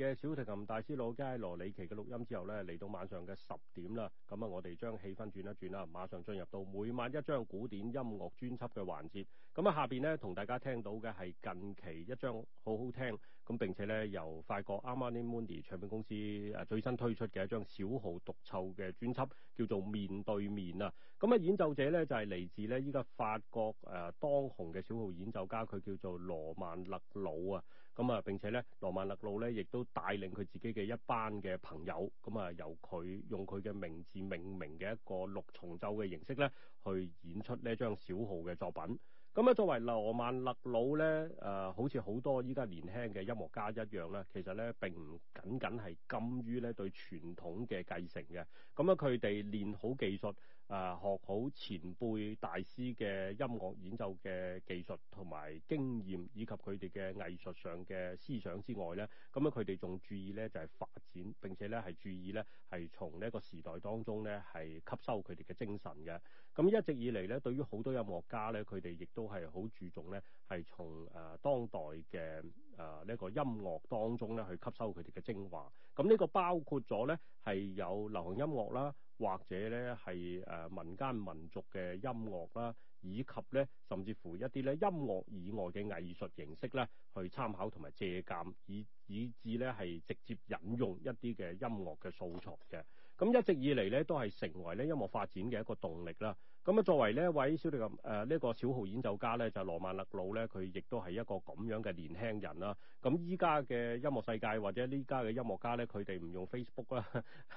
嘅小提琴大師魯佳羅里奇嘅錄音之後咧，嚟到晚上嘅十點啦，咁啊，我哋將氣氛轉一轉啦，馬上進入到每晚一張古典音樂專輯嘅環節。咁啊，下邊咧同大家聽到嘅係近期一張好好聽，咁並且咧由法國 Harmonia Mundi 唱片公司啊最新推出嘅一張小號獨奏嘅專輯，叫做《面對面》啊。咁啊，演奏者咧就係、是、嚟自咧依家法國誒當紅嘅小號演奏家，佢叫做羅曼勒魯啊。咁啊，並且咧，羅曼勒魯咧，亦都帶領佢自己嘅一班嘅朋友，咁啊，由佢用佢嘅名字命名嘅一個六重奏嘅形式咧，去演出呢一張小號嘅作品。咁啊，作為羅曼勒魯咧，誒、呃，好似好多依家年輕嘅音樂家一樣咧，其實咧並唔僅僅係甘於咧對傳統嘅繼承嘅，咁啊，佢哋練好技術。啊，學好前輩大師嘅音樂演奏嘅技術同埋經驗，以及佢哋嘅藝術上嘅思想之外咧，咁咧佢哋仲注意咧就係發展，並且咧係注意咧係從呢一個時代當中咧係吸收佢哋嘅精神嘅。咁一直以嚟咧，對於好多音樂家咧，佢哋亦都係好注重咧係從誒當代嘅。誒呢、呃這個音樂當中咧，去吸收佢哋嘅精華。咁、嗯、呢、這個包括咗咧，係有流行音樂啦，或者咧係誒民間民族嘅音樂啦，以及咧甚至乎一啲咧音樂以外嘅藝術形式咧，去參考同埋借鑑，以以至咧係直接引用一啲嘅音樂嘅素材嘅。咁、嗯、一直以嚟咧都係成為咧音樂發展嘅一個動力啦。咁啊，作為呢一位小提琴誒呢個小號演奏家咧，就是、羅曼勒魯咧，佢亦都係一個咁樣嘅年輕人啦。咁依家嘅音樂世界或者呢家嘅音樂家咧，佢哋唔用 Facebook 啦，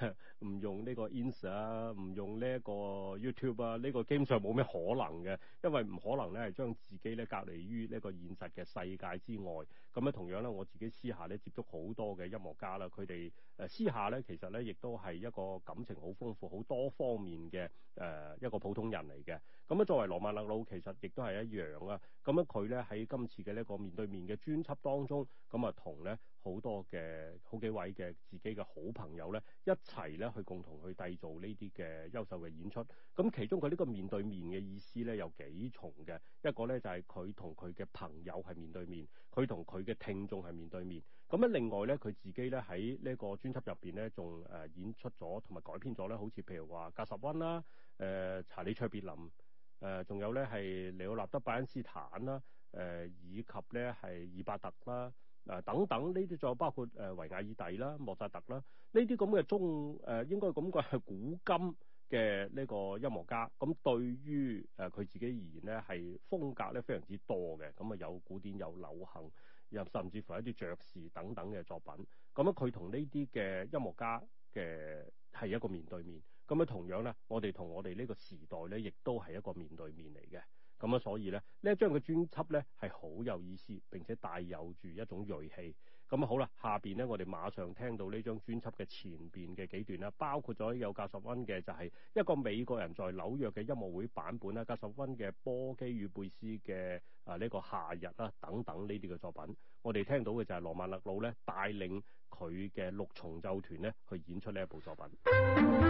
唔用呢個 Ins 啊，唔用呢一個 YouTube 啊，呢個基本上冇咩可能嘅，因為唔可能咧係將自己咧隔離於呢個現實嘅世界之外。咁樣同樣咧，我自己私下咧接觸好多嘅音樂家啦，佢哋誒私下咧，其實咧亦都係一個感情好豐富、好多方面嘅誒一個普通人嚟嘅。咁樣作為羅曼勒魯，其實亦都係一樣啊。咁樣佢咧喺今次嘅呢個面對面嘅專輯當中，咁啊同咧好多嘅好幾位嘅自己嘅好朋友咧一齊咧去共同去締造呢啲嘅優秀嘅演出。咁其中佢呢個面對面嘅意思咧有幾重嘅，一個咧就係佢同佢嘅朋友係面對面。佢同佢嘅聽眾係面對面，咁啊另外咧，佢自己咧喺呢個專輯入邊咧，仲誒演出咗同埋改編咗咧，好似譬如話格什溫啦、誒、呃、查理卓別林、誒、呃、仲有咧係利奧納德拜恩斯坦啦、誒、呃、以及咧係伊伯特啦、啊、呃、等等，呢啲仲有包括誒、呃、維瓦爾第啦、莫扎特啦，呢啲咁嘅中誒、呃、應該咁講係古今嘅呢個音樂家，咁對於誒佢自己而言咧，係風格咧非常之多嘅，咁啊有古典有流行，又甚至乎一啲爵士等等嘅作品。咁樣佢同呢啲嘅音樂家嘅係一個面對面。咁樣同樣咧，我哋同我哋呢個時代咧，亦都係一個面對面嚟嘅。咁啊，所以咧，呢一張嘅專輯咧係好有意思，並且帶有住一種鋭氣。咁、嗯、好啦，下邊咧我哋馬上聽到呢張專輯嘅前邊嘅幾段啦，包括咗有格什温嘅就係一個美國人在紐約嘅音樂會版本啦，格什温嘅波基與貝斯嘅啊呢個夏日啦、啊、等等呢啲嘅作品，我哋聽到嘅就係羅曼勒魯咧帶領佢嘅六重奏團咧去演出呢一部作品。